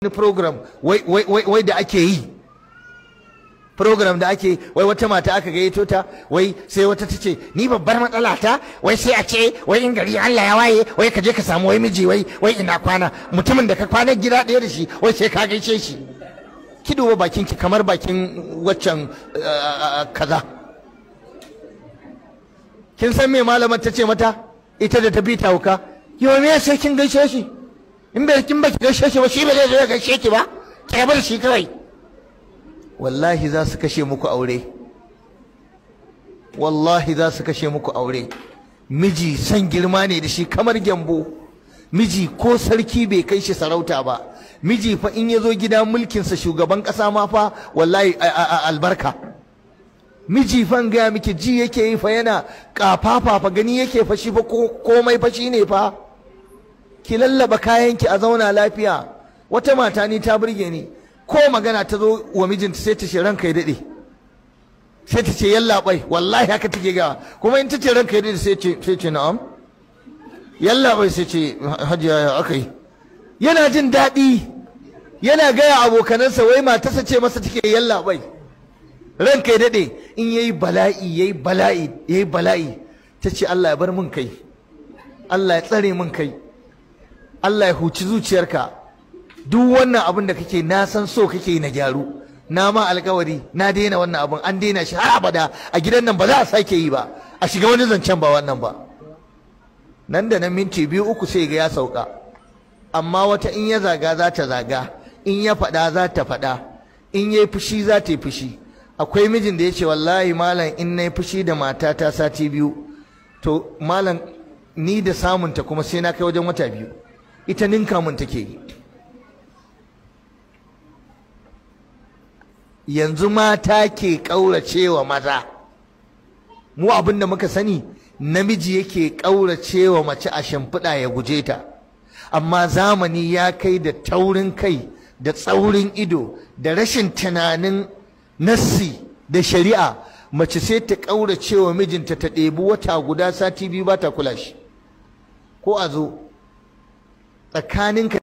wani program wai da ake yi program da ake wai wata mata aka gayyato ta wai sai wata ta ce ni babbar matsala ta wai sai a ce wai in gari Allah ya waye wai ka je ka samu wai miji wai wai ina kwana mutumin da ka kwana gida ɗaya da shi wai sai ka gaishe shi ki duba bakin ki kamar bakin waccan eh, eh, kaza kin san me malamar ta ce mata ita da ta bi ta wuka yau me sai kin gaishe shi in bai kin baki gaishe shi ba shi ba zai zo ya gaishe ki ba bar shi kawai wallahi za su kashe muku aure wallahi za su kashe muku aure miji san girma ne da shi kamar gyambo miji ko sarki bai kai shi sarauta ba miji fa in yazo zo gida mulkinsa shugaban kasa ma fa wallahi albarka miji fan gaya miki ji yake yi fa yana kafafa fa gani yake fa shi fa komai fa shi ne fa ki lallaba kayanki a zauna lafiya wata mata ni ta burge ni ko magana ta zo wa mijinta sai ta ce ranka ya daɗe sai ta ce yallaɓai wallahi haka take gawa kuma in ta ce ranka ya dade sai ce na'am yallaɓai sai ce hajiya ya aka yi yana jin daɗi yana gaya abokanansa wai matarsa ce masa take yallaɓai ranka ya daɗe in yayi bala'i yayi bala'i yayi bala'i ta ce Allah ya bar min kai Allah ya tsare min kai Allah ya huci zuciyarka duk wannan abin da kake na san so kake na gyaru na ma alkawari na daina wannan abin an daina shi har abada a gidan nan ba za a sake yi ba a shiga wani zancen ba wannan ba nan da nan minti biyu uku sai ga ya sauka amma wata in ya zaga za ta zaga in ya faɗa za ta faɗa in ya yi fushi za ta yi fushi akwai mijin da ya ce wallahi malam in na yi fushi da matata sati biyu to malam ni da samunta kuma sai na kai wajen wata biyu ita ninka mun take yi yanzu mata ke ƙauracewa maza mu abin da muka sani namiji yake ƙauracewa mace a shimfiɗa ya guje ta amma zamani ya kai da taurin kai da tsaurin ido da rashin tunanin nassi da shari'a mace sai ta ƙauracewa mijinta ta ɗebi wata guda sati biyu ba ta kula shi ko a zo tsakaninka